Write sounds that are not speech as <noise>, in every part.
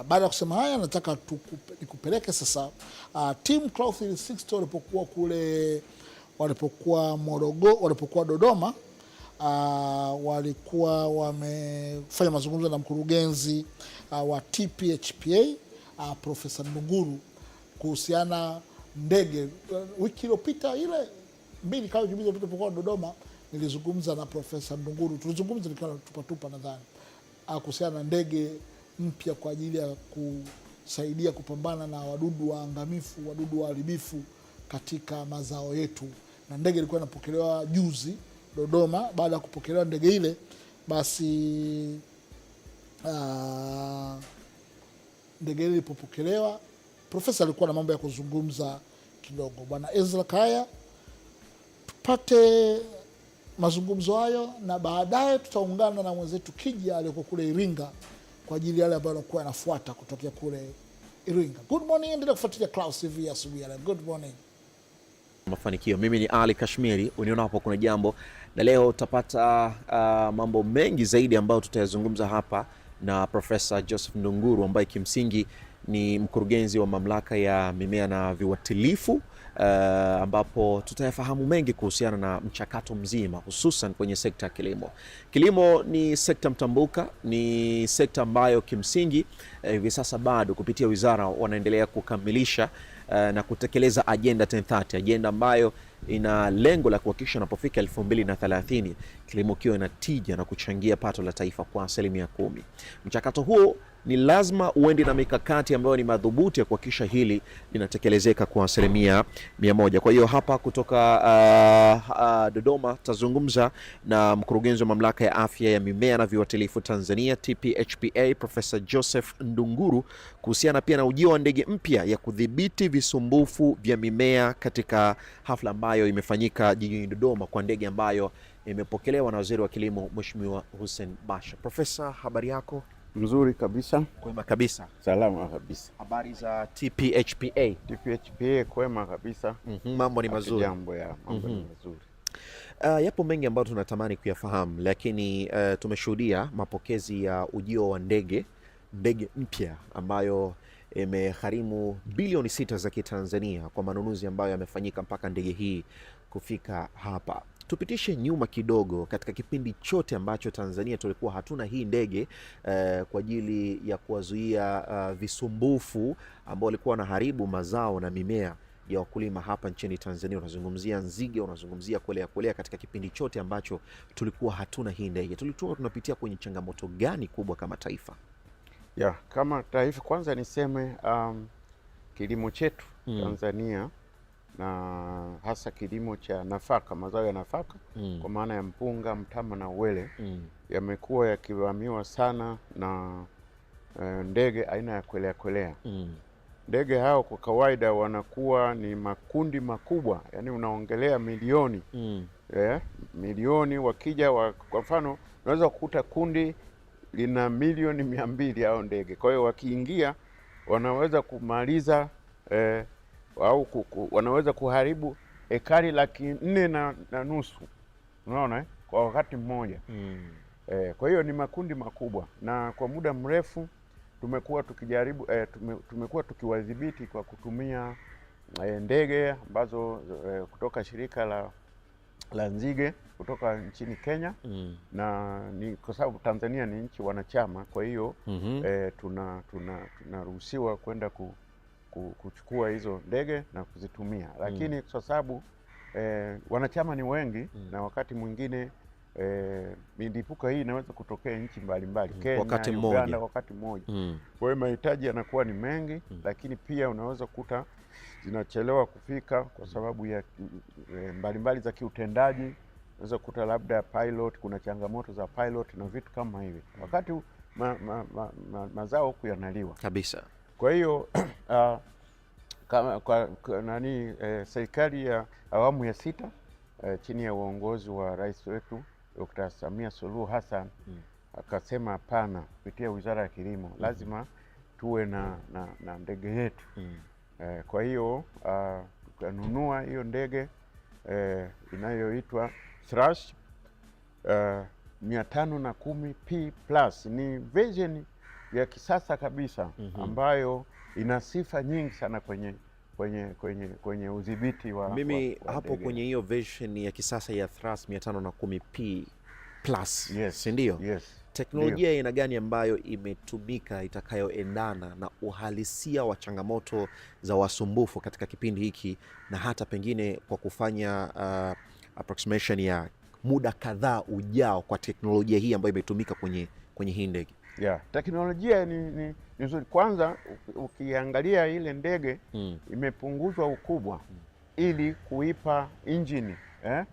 Ah, baada ya kusema haya, nataka nikupeleke sasa uh, Team Cloud 360 walipokuwa kule walipokuwa Morogoro, walipokuwa Dodoma uh, walikuwa wamefanya mazungumzo na mkurugenzi uh, wa TPHPA uh, Profesa Ndunguru kuhusiana ndege. Uh, wiki iliyopita ile mbili kama wiki mbili Dodoma, nilizungumza na Profesa Ndunguru, tulizungumza nikiwa tupatupa nadhani uh, kuhusiana na ndege mpya kwa ajili ya kusaidia kupambana na wadudu waangamifu, wadudu waharibifu katika mazao yetu. Na ndege ilikuwa inapokelewa juzi Dodoma. Baada ya kupokelewa ndege ile, basi uh, ndege ile ilipopokelewa, profesa alikuwa na mambo ya kuzungumza kidogo, bwana Ezra Kaya. Tupate mazungumzo hayo na baadaye tutaungana na mwenzetu Kija aliyoko kule Iringa kwa ajili yale ambayo anakuwa anafuata kutokea kule Iringa. Good morning, endelea kufuatilia Clouds TV asubuhi ya leo. Good morning. Mafanikio. Mimi ni Ali Kashmiri, uniona hapo kuna jambo, na leo utapata uh, mambo mengi zaidi ambayo tutayazungumza hapa na Profesa Joseph Ndunguru ambaye kimsingi ni mkurugenzi wa mamlaka ya mimea na viuatilifu uh, ambapo tutayafahamu mengi kuhusiana na mchakato mzima hususan kwenye sekta ya kilimo. Kilimo ni sekta mtambuka, ni sekta ambayo kimsingi eh, hivi uh, sasa bado kupitia wizara wanaendelea kukamilisha uh, na kutekeleza ajenda 1030 ajenda ambayo ina lengo la kuhakikisha unapofika 2030 kilimo kiwe na tija na kuchangia pato la taifa kwa asilimia kumi. Mchakato huo ni lazima uende na mikakati ambayo ni madhubuti ya kuhakikisha hili linatekelezeka kwa asilimia mia moja. Kwa hiyo hapa kutoka uh, uh, Dodoma tazungumza na mkurugenzi wa mamlaka ya afya ya mimea na viuatilifu Tanzania TPHPA Profesa Joseph Ndunguru kuhusiana pia na ujio wa ndege mpya ya kudhibiti visumbufu vya mimea katika hafla ambayo imefanyika jijini Dodoma kwa ndege ambayo imepokelewa na Waziri wa Kilimo Mheshimiwa Hussein Bashe. Profesa, habari yako? Mzuri kabisa, kwema kabisa, salama kabisa. Habari za TPHPA? TPHPA kwema kabisa. mm -hmm. Mambo ni mazuri, jambo ya mambo mm -hmm. ni mhm. mazuri. Uh, yapo mengi ambayo tunatamani kuyafahamu, lakini uh, tumeshuhudia mapokezi ya ujio wa ndege ndege mpya ambayo imegharimu bilioni sita za Kitanzania kwa manunuzi ambayo yamefanyika mpaka ndege hii kufika hapa. Tupitishe nyuma kidogo, katika kipindi chote ambacho Tanzania tulikuwa hatuna hii ndege uh, kwa ajili ya kuwazuia uh, visumbufu ambao walikuwa wanaharibu mazao na mimea ya wakulima hapa nchini Tanzania. Unazungumzia nzige, unazungumzia kuelea kuelea. Katika kipindi chote ambacho tulikuwa hatuna hii ndege, tulikuwa tunapitia kwenye changamoto gani kubwa kama taifa? Ya, kama taifa kwanza niseme um, kilimo chetu mm. Tanzania na hasa kilimo cha nafaka, mazao ya nafaka mm. kwa maana ya mpunga, mtama na uwele mm. yamekuwa yakivamiwa sana na e, ndege aina ya kwelea kwelea mm. Ndege hao kwa kawaida wanakuwa ni makundi makubwa, yani unaongelea milioni mm. yeah, milioni wakija wa, kwa mfano unaweza kukuta kundi lina milioni mia mbili hao ndege. Kwa hiyo wakiingia wanaweza kumaliza eh, au kuku, wanaweza kuharibu ekari laki nne na, na nusu unaona eh? kwa wakati mmoja mm. eh, kwa hiyo ni makundi makubwa na kwa muda mrefu tumekuwa tukijaribu eh, tume, tumekuwa tukiwadhibiti kwa kutumia eh, ndege ambazo eh, kutoka shirika la la nzige kutoka nchini Kenya mm. na ni kwa sababu Tanzania ni nchi wanachama, kwa hiyo mm -hmm. eh, tuna tunaruhusiwa tuna kwenda ku, kuchukua hizo ndege na kuzitumia, mm. lakini mm. kwa sababu eh, wanachama ni wengi mm. na wakati mwingine eh, milipuko hii inaweza kutokea nchi mbalimbali mm. Kenya, wakati Uganda wakati mmoja mm. kwa hiyo mahitaji yanakuwa ni mengi mm. lakini pia unaweza kukuta zinachelewa kufika kwa sababu ya eh, mbalimbali za kiutendaji unaweza kukuta labda pilot, kuna changamoto za pilot na vitu kama hivi, mm. wakati ma, ma, ma, ma, mazao huku yanaliwa kabisa. Kwa hiyo <clears throat> ah, kwa, kwa, nani eh, serikali ya awamu ya sita eh, chini ya uongozi wa rais wetu Dr. Samia Suluhu Hassan mm. akasema hapana, kupitia Wizara ya Kilimo mm -hmm. lazima tuwe na, na, na ndege yetu mm. eh, kwa hiyo uh, tukanunua hiyo ndege eh, inayoitwa Thrush uh, mia tano na kumi P plus ni version ya kisasa kabisa mm -hmm. ambayo ina sifa nyingi sana kwenye kwenye kwenye kwenye udhibiti wa mimi wa, wa hapo dege. Kwenye hiyo version ya kisasa ya Thrust 510p plus yes. si ndio? Yes. Teknolojia ya aina gani ambayo imetumika itakayoendana na uhalisia wa changamoto za wasumbufu katika kipindi hiki na hata pengine kwa kufanya uh, approximation ya muda kadhaa ujao kwa teknolojia hii ambayo imetumika kwenye, kwenye hii ndege? yeah. Teknolojia ni, ni, ni nzuri. Kwanza ukiangalia ile ndege mm. imepunguzwa ukubwa mm. ili kuipa injini eh,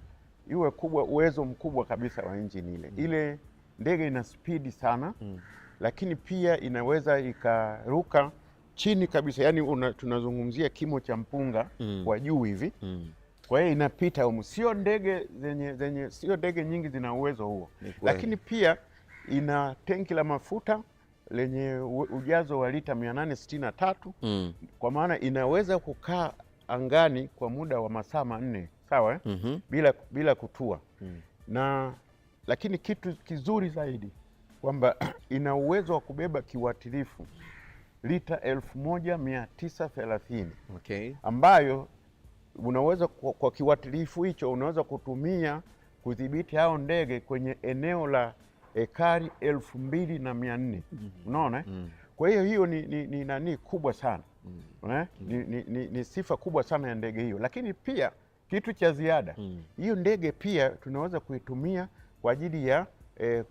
iwe kubwa, uwezo mkubwa kabisa wa injini ile mm. ile ndege ina spidi sana mm. lakini pia inaweza ikaruka chini kabisa, yaani una, tunazungumzia kimo cha mpunga mm. wa juu hivi mm. Kwa hiyo inapita humu, sio ndege zenye, zenye sio ndege nyingi zina uwezo huo, lakini pia ina tenki la mafuta lenye ujazo wa lita 863 mm. kwa maana inaweza kukaa angani kwa muda wa masaa manne sawa mm -hmm. bila, bila kutua mm. na lakini kitu kizuri zaidi kwamba <clears throat> ina uwezo wa kubeba kiwatilifu lita 1930 thelathini okay. ambayo unaweza kwa, kwa kiwatilifu hicho unaweza kutumia kudhibiti hao ndege kwenye eneo la ekari elfu mbili na mia nne mm -hmm. Unaona mm. Kwa hiyo hiyo ni, ni, ni nani kubwa sana mm. Ni, ni, ni, ni sifa kubwa sana ya ndege hiyo, lakini pia kitu cha ziada mm. Hiyo ndege pia tunaweza kuitumia kwa ajili ya eh,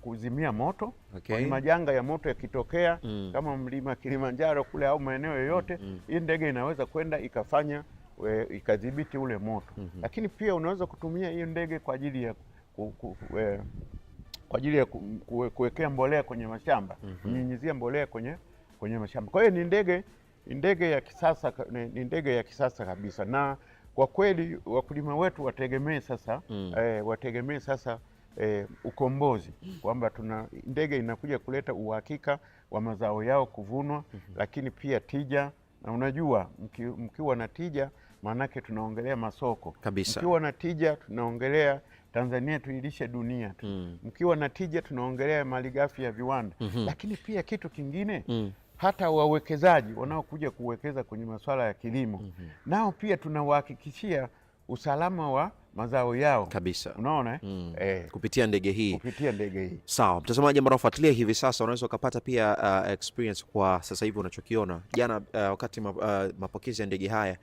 kuzimia moto okay. Kwa majanga ya moto yakitokea mm. kama mlima Kilimanjaro kule au maeneo yoyote mm. mm. Hii ndege inaweza kwenda ikafanya we, ikadhibiti ule moto mm -hmm. Lakini pia unaweza kutumia hiyo ndege kwa ajili ya ku, ku, we, kwa ajili ya kuwekea mbolea kwenye mashamba mm -hmm. mbolea kwenye, kwenye mashamba. Kwa hiyo ni ndege ndege ya kisasa, ni ndege ya kisasa kabisa, na kwa kweli wakulima wetu wategemee sasa mm. eh, wategemee sasa eh, ukombozi kwamba tuna ndege inakuja kuleta uhakika wa mazao yao kuvunwa mm -hmm. lakini pia tija, na unajua mki, mkiwa na tija maanake tunaongelea masoko kabisa. Mkiwa na tija tunaongelea Tanzania tuilishe dunia tu mm. Mkiwa na tija, tunaongelea malighafi ya viwanda mm -hmm. Lakini pia kitu kingine mm. hata wawekezaji wanaokuja kuwekeza kwenye masuala ya kilimo mm -hmm. nao pia tunawahakikishia usalama wa mazao yao kabisa, unaona mm. eh, kupitia ndege hii kupitia ndege hii. Sawa mtazamaji, ambao unafuatilia hivi sasa, unaweza ukapata pia uh, experience kwa sasa hivi unachokiona jana. Uh, wakati ma, uh, mapokezi ya ndege haya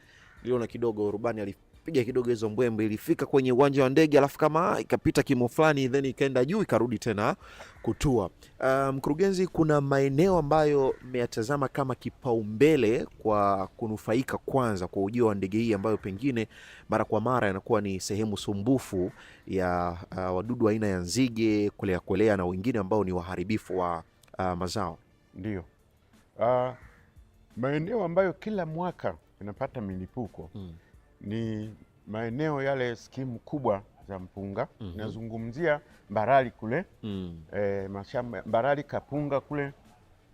liona kidogo rubani piga kidogo hizo mbwembe, ilifika kwenye uwanja wa ndege alafu kama ikapita kimo fulani then ikaenda juu ikarudi tena kutua. Ah, mkurugenzi, um, kuna maeneo ambayo mmeyatazama kama kipaumbele kwa kunufaika kwanza kwa ujio wa ndege hii ambayo pengine mara kwa mara yanakuwa ni sehemu sumbufu ya uh, wadudu aina ya nzige, kolea kolea na wengine ambao ni waharibifu wa uh, mazao? Ndio, uh, maeneo ambayo kila mwaka inapata milipuko hmm ni maeneo yale skimu kubwa za mpunga mm -hmm. Nazungumzia Mbarali kule mm. E, mashamba Mbarali Kapunga kule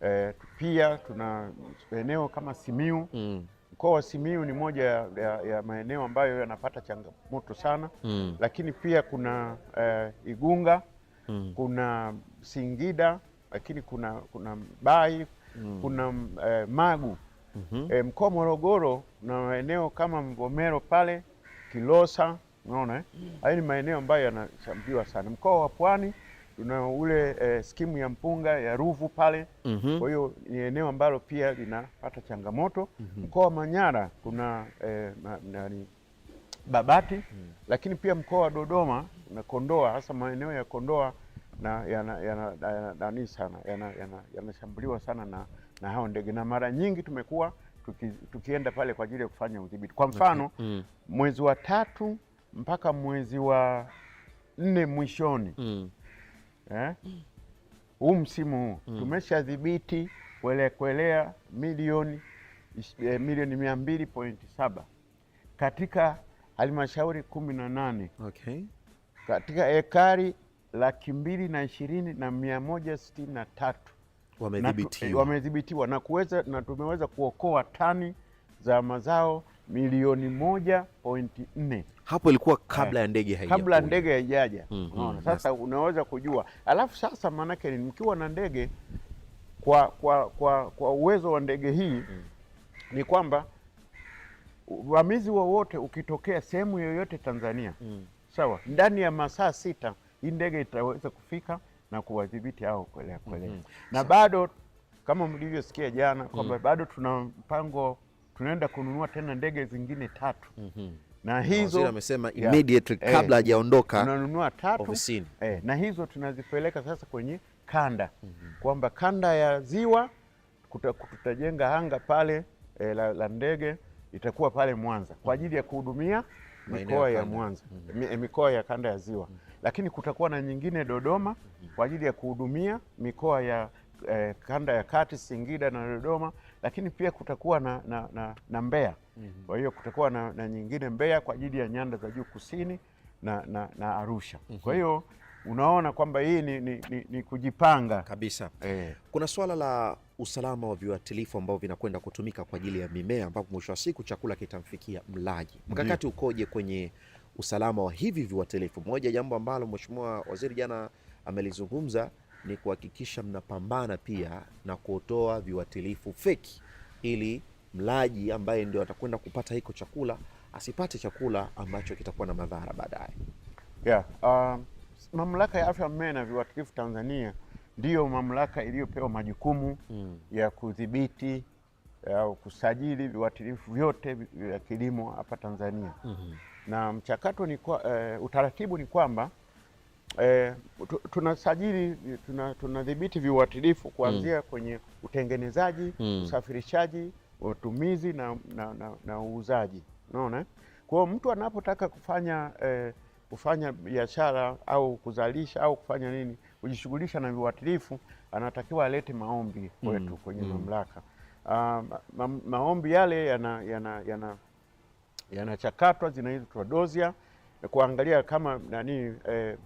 e, pia tuna eneo kama Simiu mm. Mkoa wa Simiu ni moja ya, ya maeneo ambayo yanapata changamoto sana mm. Lakini pia kuna e, Igunga mm. Kuna Singida lakini kuna kuna Bai mm. Kuna e, Magu mm -hmm. E, mkoa Morogoro na maeneo kama Mvomero pale Kilosa, unaona eh? mm hayo -hmm. ni maeneo ambayo yanashambuliwa sana. Mkoa wa Pwani tuna ule e, skimu ya mpunga ya Ruvu pale mm -hmm. kwa hiyo ni eneo ambalo pia linapata changamoto mm -hmm. mkoa wa Manyara kuna e, ma, nani Babati mm -hmm. lakini pia mkoa wa Dodoma na Kondoa, hasa maeneo ya Kondoa na yana yana, yana, yanashambuliwa yana, yana, yana, yana sana na na hao ndege, na mara nyingi tumekuwa tuki, tukienda pale kwa ajili ya kufanya udhibiti. Kwa mfano okay. mm. mwezi wa tatu mpaka mwezi wa nne mwishoni mm. eh? huu msimu huu mm. tumeshadhibiti kwelekwelea milioni eh, milioni mia mbili pointi saba katika halmashauri kumi na nane okay. katika ekari laki mbili na ishirini na mia moja sitini na tatu wamedhibitiwa na eh, wame na tumeweza kuokoa tani za mazao milioni moja pointi nne. Hapo ilikuwa kabla ya eh, ndege kabla ya ndege haijaja. mm -hmm. Sasa yes. Unaweza kujua alafu sasa, maanake mkiwa na ndege kwa, kwa, kwa, kwa uwezo wa ndege hii mm. ni kwamba uvamizi wowote ukitokea sehemu yoyote Tanzania mm. sawa, ndani ya masaa sita hii ndege itaweza kufika na kuwadhibiti hao kuelewa kuelewa mm -hmm. na bado kama mlivyosikia jana kwamba mm -hmm. bado tuna mpango tunaenda kununua tena ndege zingine tatu mm -hmm. na hizo amesema immediately eh, kabla hajaondoka eh, tunanunua tatu eh, na hizo tunazipeleka sasa kwenye kanda mm -hmm. kwamba kanda ya ziwa tutajenga hanga pale eh, la, la ndege itakuwa pale Mwanza kwa mm-hmm. ajili ya kuhudumia mikoa ya Mwanza mm-hmm. eh, mikoa ya kanda ya ziwa mm -hmm lakini kutakuwa na nyingine Dodoma mhm. kwa ajili ya kuhudumia mikoa ya eh, kanda ya kati, Singida na Dodoma, lakini pia kutakuwa na, na, na, na Mbeya. Mhm. Kwa hiyo kutakuwa na, na nyingine Mbeya kwa ajili ya nyanda za juu kusini na, na, na Arusha. Mhm. Kwa hiyo unaona kwamba hii ni, ni, ni, ni kujipanga kabisa eh. Kuna swala la usalama wa viuatilifu ambao vinakwenda kutumika kwa ajili ya mimea ambapo mwisho wa siku chakula kitamfikia mlaji, mkakati ukoje kwenye usalama wa hivi viwatilifu Moja jambo ambalo mheshimiwa waziri jana amelizungumza ni kuhakikisha mnapambana pia na kuotoa viwatilifu feki, ili mlaji ambaye ndio atakwenda kupata hiko chakula asipate chakula ambacho kitakuwa na madhara baadaye. Yeah, uh, mamlaka ya afya mmea na viwatilifu Tanzania ndiyo mamlaka iliyopewa majukumu mm. ya kudhibiti au kusajili viwatilifu vyote vya kilimo hapa Tanzania. mm -hmm na mchakato ni kwa, e, utaratibu ni kwamba e, tunasajili tunadhibiti tuna viuatilifu kuanzia mm. kwenye utengenezaji mm. usafirishaji, utumizi na, na, na, na uuzaji. Unaona, kwa mtu anapotaka kufanya e, kufanya biashara au kuzalisha au kufanya nini kujishughulisha na viuatilifu anatakiwa alete maombi kwetu mm. kwenye mm. mamlaka. Uh, ma, ma, maombi yale yana, yana, yana yanachakatwa, zinaitwa dozia kuangalia kama nani eh,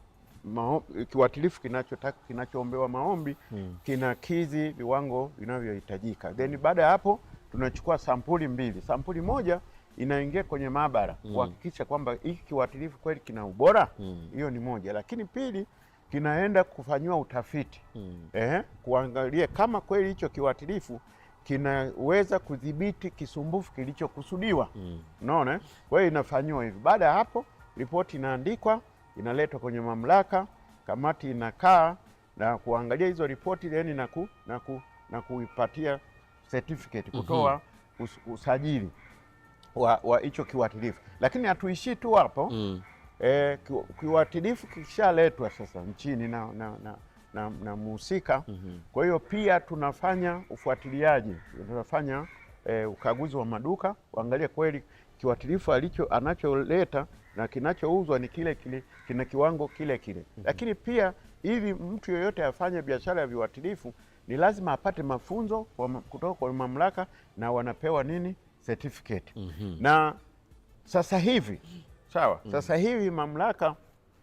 maho, kiwatilifu kinachotaka kinachoombewa maombi hmm, kinakidhi viwango vinavyohitajika. Then baada ya hapo tunachukua sampuli mbili. Sampuli moja inaingia kwenye maabara hmm. kuhakikisha hmm, kwamba hiki kiwatilifu kweli kina ubora hmm. hiyo, hmm, ni moja, lakini pili kinaenda kufanyiwa utafiti hmm, eh, kuangalia kama kweli hicho kiwatilifu kinaweza kudhibiti kisumbufu kilichokusudiwa. Mm. Unaona mm. Kwa hiyo inafanyiwa hivi. Baada ya hapo, ripoti inaandikwa, inaletwa kwenye mamlaka, kamati inakaa na kuangalia hizo ripoti then na ku, na ku, na kuipatia certificate mm-hmm. kutoa mm -hmm. us, usajili wa hicho wa kiuatilifu, lakini hatuishii tu hapo mm. E, kiuatilifu kishaletwa sasa nchini na, na, na na mhusika mm -hmm. Kwa hiyo pia tunafanya ufuatiliaji, tunafanya e, ukaguzi wa maduka, uangalie kweli kiwatilifu alicho anacholeta na kinachouzwa ni kile kile, kina kiwango kile kile mm -hmm. Lakini pia ili mtu yoyote afanye biashara ya viwatilifu ni lazima apate mafunzo kutoka kwa mamlaka na wanapewa nini certificate. Mm -hmm. Na sasa hivi sawa, mm -hmm. Sasa hivi mamlaka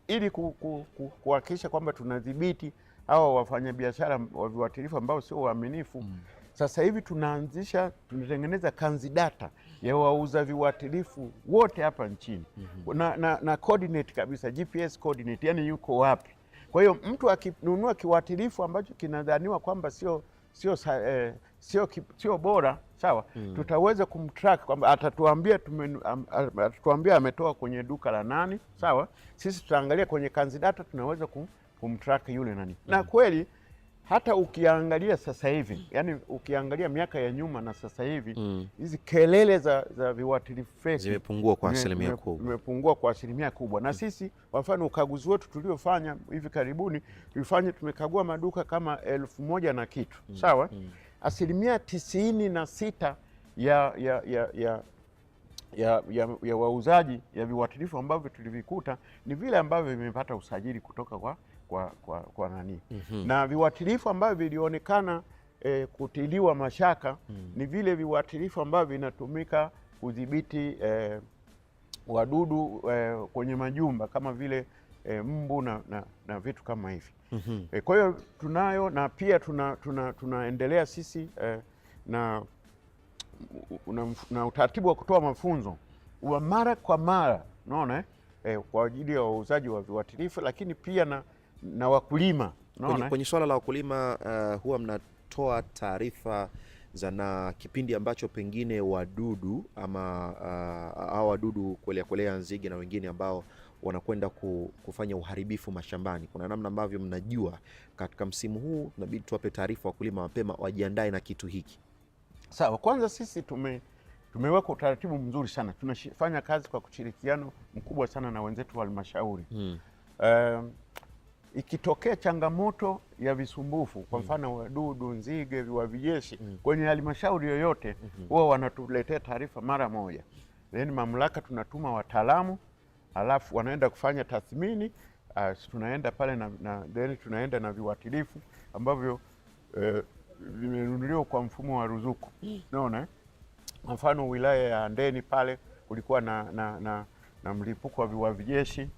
ili kuhakikisha ku, ku, kwamba tunadhibiti au wafanyabiashara viwatilifu ambao sio waaminifu mm. Sasa hivi tunaanzisha tunatengeneza kanzi data ya wauza viwatilifu wote hapa nchini mm -hmm. na, na, na coordinate kabisa GPS coordinate, yani yuko wapi. Kwa hiyo mtu akinunua kiwatilifu ambacho kinadhaniwa kwamba sio sio eh, sio sio bora sawa mm. Tutaweza kumtrack kwamba atatuambia atatuambia ametoa kwenye duka la nani sawa. Sisi tutaangalia kwenye kanzi data tunaweza kum kumtrack yule nani mm. na kweli hata ukiangalia sasa hivi yani, ukiangalia miaka ya nyuma na sasa hivi mm. hizi mm. kelele za, za viuatilifu zimepungua kwa asilimia kubwa, zimepungua kwa asilimia kubwa na mm. sisi kwa mfano ukaguzi wetu tuliofanya hivi karibuni tulifanya, tumekagua maduka kama elfu moja na kitu mm. sawa mm. asilimia tisini na sita ya, ya, ya, ya ya, ya, ya wauzaji ya viuatilifu ambavyo tulivikuta ni vile ambavyo vimepata usajili kutoka kwa kwa, kwa, kwa nani mm -hmm. na viuatilifu ambavyo vilionekana eh, kutiliwa mashaka mm -hmm. ni vile viuatilifu ambavyo vinatumika kudhibiti eh, wadudu eh, kwenye majumba kama vile eh, mbu na, na, na vitu kama hivi mm -hmm. eh, kwa hiyo tunayo na pia tuna, tuna, tunaendelea sisi eh, na, na, na utaratibu wa kutoa mafunzo wa mara kwa mara unaona eh, kwa ajili ya wauzaji wa viuatilifu, lakini pia na na wakulima kwenye, kwenye swala la wakulima uh, huwa mnatoa taarifa za na kipindi ambacho pengine wadudu ama uh, au wadudu kuelea kuelea nzige na wengine ambao wanakwenda kufanya uharibifu mashambani, kuna namna ambavyo mnajua katika msimu huu inabidi tuwape taarifa wakulima mapema wajiandae na kitu hiki? Sawa, kwanza sisi tume tumeweka utaratibu mzuri sana, tunafanya kazi kwa kushirikiano mkubwa sana na wenzetu wa halmashauri hmm. Um, ikitokea changamoto ya visumbufu kwa mm. mfano mm. wadudu, nzige, viwavijeshi mm. kwenye halmashauri yoyote mm-hmm. huwa mm -hmm. wanatuletea taarifa mara moja, then mamlaka tunatuma wataalamu, alafu wanaenda kufanya tathmini uh, tunaenda pale na, na, then tunaenda na viwatilifu ambavyo eh, vimenunuliwa kwa mfumo wa ruzuku unaona mm. kwa mfano wilaya ya ndeni pale kulikuwa na, na, na, na mlipuko wa viwavijeshi,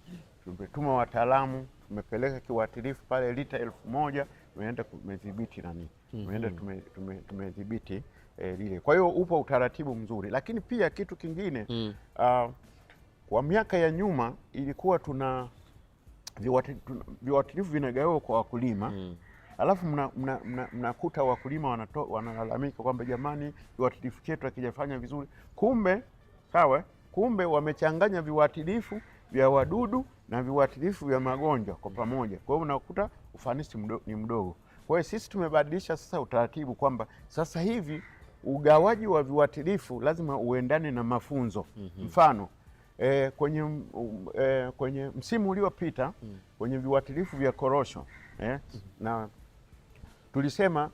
tumetuma wataalamu tumepeleka kiuatilifu pale lita elfu moja tumeenda tumedhibiti nani, tumeenda mhm. tumedhibiti tume eh, lile. Kwa hiyo upo utaratibu mzuri, lakini pia kitu kingine mm. uh, kwa miaka ya nyuma ilikuwa tuna viuatilifu vinagawiwa kwa wakulima mm. Alafu mnakuta mna, mna, mna wakulima wanalalamika kwamba jamani, viuatilifu chetu hakijafanya vizuri. Kumbe sawa, kumbe wamechanganya viuatilifu vya wadudu na viuatilifu vya magonjwa kwa pamoja. Kwa hiyo unakuta ufanisi mdo, ni mdogo. Kwa hiyo sisi tumebadilisha sasa utaratibu kwamba sasa hivi ugawaji wa viuatilifu lazima uendane na mafunzo. mm -hmm. Mfano e, kwenye, um, e, kwenye msimu uliopita mm -hmm. kwenye viuatilifu vya korosho eh, mm -hmm. na tulisema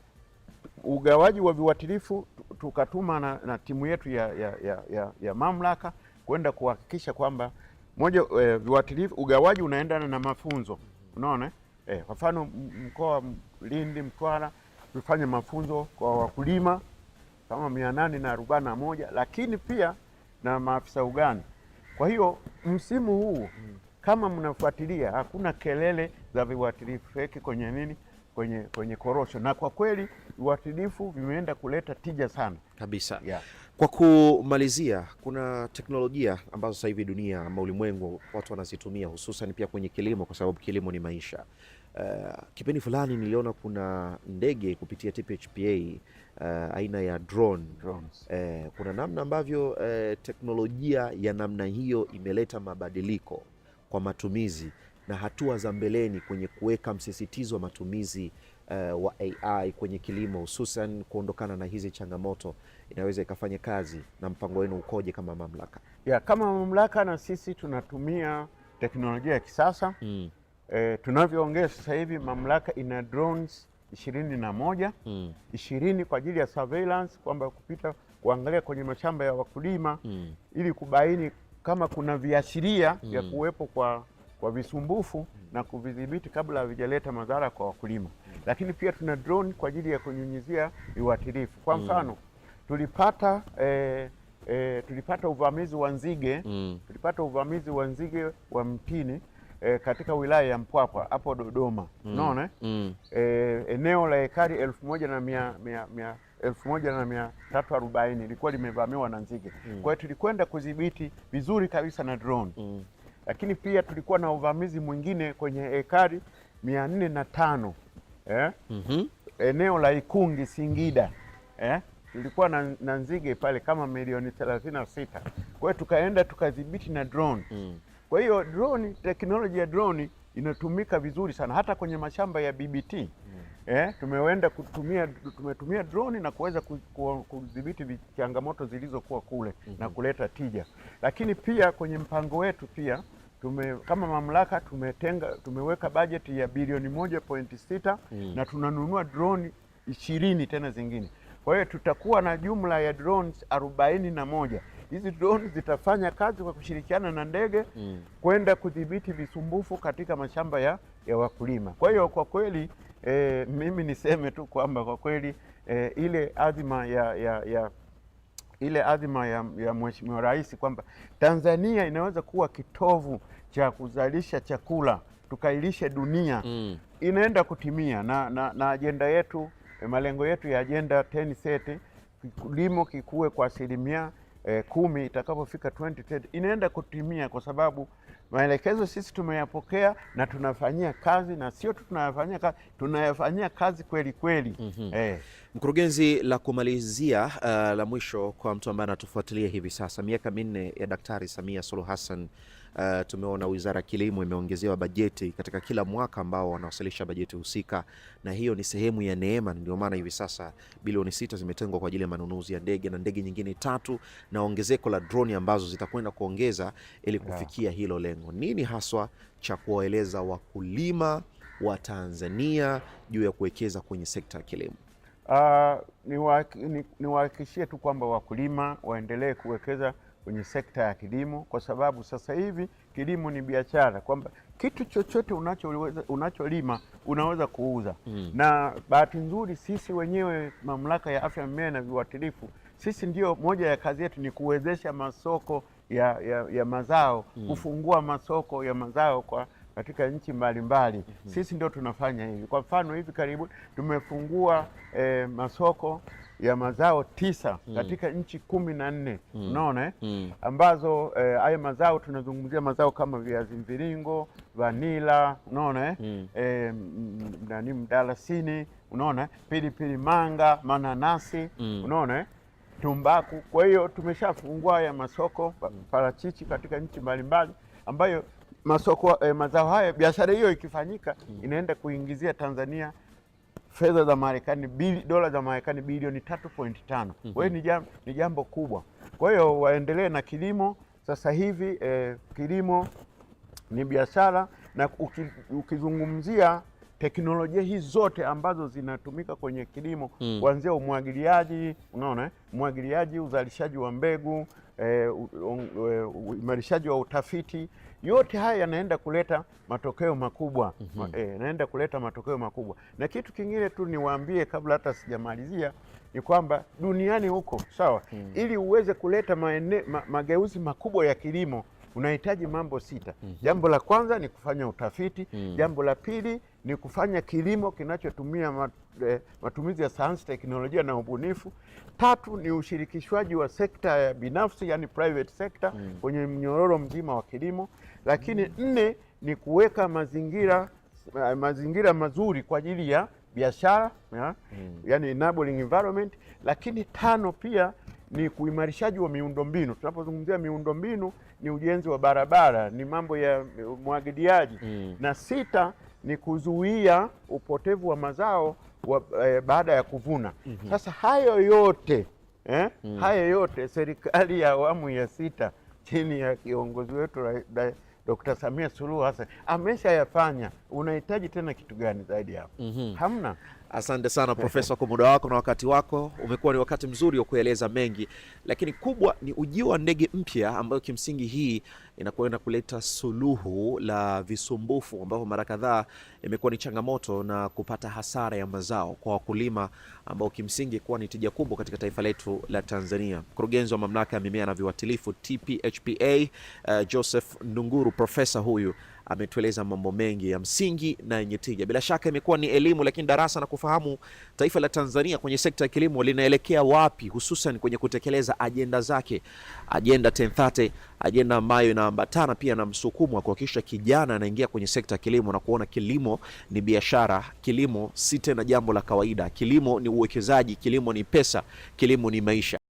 ugawaji wa viuatilifu tukatuma na, na timu yetu ya, ya, ya, ya, ya mamlaka kwenda kuhakikisha kwamba moja e, viuatilifu ugawaji unaendana na mafunzo, unaona eh, kwa mfano mkoa Lindi, Mtwara tufanye mafunzo kwa wakulima kama mia nane na arobaini na moja lakini pia na maafisa ugani. Kwa hiyo msimu huu kama mnafuatilia, hakuna kelele za viwatilifu feki kwenye nini kwenye, kwenye korosho na kwa kweli viwatilifu vimeenda kuleta tija sana kabisa, yeah. Kwa kumalizia, kuna teknolojia ambazo sasa hivi dunia ama ulimwengu watu wanazitumia hususan pia kwenye kilimo, kwa sababu kilimo ni maisha. Uh, kipindi fulani niliona kuna ndege kupitia TPHPA uh, eh, aina ya drone. Uh, kuna namna ambavyo uh, teknolojia ya namna hiyo imeleta mabadiliko kwa matumizi na hatua za mbeleni kwenye kuweka msisitizo wa matumizi uh, wa AI kwenye kilimo hususan kuondokana na hizi changamoto inaweza ikafanya kazi, na mpango wenu ukoje kama mamlaka? Ya, kama mamlaka na sisi tunatumia teknolojia ya kisasa mm. E, tunavyoongea sasa hivi mamlaka ina drones ishirini na moja mm. ishirini kwa ajili ya surveillance kwamba kupita kuangalia kwenye mashamba ya wakulima mm. ili kubaini kama kuna viashiria mm. vya kuwepo kwa kwa visumbufu hmm. na kuvidhibiti kabla havijaleta madhara kwa wakulima. Hmm. Lakini pia tuna drone kwa ajili ya kunyunyizia viuatilifu. Kwa hmm. mfano tulipata eh, E, tulipata uvamizi wa nzige mm. tulipata uvamizi wa nzige wa mtini e, katika wilaya ya Mpwapwa hapo Dodoma mm. naona eh? mm. E, eneo la ekari elfu moja na mia, mia, mia elfu moja na mia tatu arobaini ilikuwa limevamiwa na nzige mm. kwa hiyo tulikwenda kudhibiti vizuri kabisa na drone mm lakini pia tulikuwa na uvamizi mwingine kwenye ekari mia nne na tano eh? mm -hmm. eneo la Ikungi Singida eh? tulikuwa na, na nzige pale kama milioni thelathini na sita. Kwa hiyo tukaenda tukadhibiti na drone mm. Kwa hiyo drone, teknoloji ya drone inatumika vizuri sana hata kwenye mashamba ya BBT mm eh, tumeenda kutumia, tumetumia droni na kuweza kudhibiti changamoto zilizokuwa kule mm -hmm. na mhm. kuleta tija, lakini pia kwenye mpango wetu pia tume, kama mamlaka tumetenga, tumeweka bajeti ya bilioni moja pointi sita mm. na tunanunua droni ishirini tena zingine kwa hiyo tutakuwa na jumla ya drones arobaini na moja. Hizi drones zitafanya kazi kwa kushirikiana na ndege mm. kwenda kudhibiti visumbufu katika mashamba ya, ya wakulima. Kwa hiyo kwa kweli e, mimi niseme tu kwamba kwa kweli e, ile adhima ya, ya, ya ile adhima ya, ya Mheshimiwa Rais kwamba Tanzania inaweza kuwa kitovu cha kuzalisha chakula tukailishe dunia mm. inaenda kutimia na, na, na ajenda yetu eh, malengo yetu ya ajenda 10 seti kilimo kikuwe kwa asilimia eh, kumi itakapofika 2030 inaenda kutimia kwa sababu maelekezo sisi tumeyapokea na tunafanyia kazi, na sio tu tunayafanyia kazi, tunayafanyia kazi kweli kweli. mm -hmm. eh. Mkurugenzi, la kumalizia uh, la mwisho kwa mtu ambaye anatufuatilia hivi sasa, miaka minne ya Daktari Samia Suluhu Hassan uh, tumeona wizara ya kilimo imeongezewa bajeti katika kila mwaka ambao wanawasilisha bajeti husika, na hiyo ni sehemu ya neema. Ndio maana hivi sasa bilioni sita zimetengwa kwa ajili ya manunuzi ya ndege na ndege nyingine tatu na ongezeko la droni ambazo zitakwenda kuongeza ili kufikia hilo lengo. Nini haswa cha kuwaeleza wakulima wa Tanzania juu ya kuwekeza kwenye sekta ya kilimo? Uh, ah, niwahakikishie tu kwamba wakulima waendelee kuwekeza kwenye sekta ya kilimo, kwa sababu sasa hivi kilimo ni biashara, kwamba kitu chochote unacholima unacho unaweza kuuza hmm. Na bahati nzuri sisi wenyewe Mamlaka ya Afya ya Mimea na Viuatilifu, sisi ndio moja ya kazi yetu ni kuwezesha masoko ya, ya, ya mazao hmm. Kufungua masoko ya mazao kwa katika nchi mbalimbali mm -hmm. Sisi ndio tunafanya hivi. Kwa mfano hivi karibu tumefungua eh, masoko ya mazao tisa mm. katika nchi kumi na nne mm. unaona mm. ambazo eh, haya eh, mazao tunazungumzia mazao kama viazi mviringo, vanila, unaona mm. eh, hmm. eh nani mdalasini, unaona pilipili manga, mananasi mm. unaona tumbaku. Kwa hiyo tumeshafungua haya masoko hmm. parachichi katika nchi mbalimbali ambayo masoko eh, mazao hayo, biashara hiyo ikifanyika mm. inaenda kuingizia Tanzania fedha za Marekani bili, dola za Marekani bilioni 3.5. mm -hmm. ni jam, ni jambo kubwa. Kwa hiyo waendelee na kilimo sasa hivi eh, kilimo ni biashara na uki, ukizungumzia teknolojia hizi zote ambazo zinatumika kwenye kilimo hmm. kuanzia mm. umwagiliaji, unaona eh, umwagiliaji, uzalishaji wa mbegu, eh, uimarishaji wa utafiti yote haya yanaenda kuleta matokeo makubwa mm -hmm. E, kuleta matokeo makubwa. Na kitu kingine tu niwaambie kabla hata sijamalizia ni kwamba duniani huko sawa, mm -hmm. ili uweze kuleta maene, ma, mageuzi makubwa ya kilimo unahitaji mambo sita. mm -hmm. Jambo la kwanza ni kufanya utafiti. mm -hmm. Jambo la pili ni kufanya kilimo kinachotumia mat, eh, matumizi ya sayansi, teknolojia na ubunifu. Tatu ni ushirikishwaji wa sekta ya binafsi, yani private sector mm -hmm. kwenye mnyororo mzima wa kilimo, lakini mm -hmm. nne ni kuweka mazingira eh, mazingira mazuri kwa ajili ya biashara ya, mm. yani enabling environment, lakini tano pia ni kuimarishaji wa miundombinu. Tunapozungumzia miundombinu ni ujenzi wa barabara, ni mambo ya mwagiliaji mm. na sita ni kuzuia upotevu wa mazao wa, eh, baada ya kuvuna mm -hmm. Sasa hayo yote eh, mm. hayo yote serikali ya awamu ya sita chini ya kiongozi wetu Dkt. Samia Suluhu Hassan ameshayafanya. Unahitaji tena kitu gani zaidi hapo? mm -hmm. Hamna. Asante sana Profesa kwa muda wako na wakati wako. Umekuwa ni wakati mzuri wa kueleza mengi, lakini kubwa ni ujio wa ndege mpya ambayo kimsingi hii inakwenda kuleta suluhu la visumbufu ambapo mara kadhaa imekuwa ni changamoto na kupata hasara ya mazao kwa wakulima ambao kimsingi kuwa ni tija kubwa katika taifa letu la Tanzania. Mkurugenzi wa mamlaka ya mimea na viwatilifu TPHPA, uh, eh, Joseph Ndunguru, profesa huyu ametueleza mambo mengi ya msingi na yenye tija. Bila shaka imekuwa ni elimu, lakini darasa na kufahamu taifa la Tanzania kwenye sekta ya kilimo linaelekea wapi, hususan kwenye kutekeleza ajenda zake, ajenda 1030 ajenda ambayo inaambatana pia na msukumo wa kuhakikisha kijana anaingia kwenye sekta ya kilimo na kuona kilimo ni biashara, kilimo si tena jambo la kawaida, kilimo ni uwekezaji, kilimo ni pesa, kilimo ni maisha.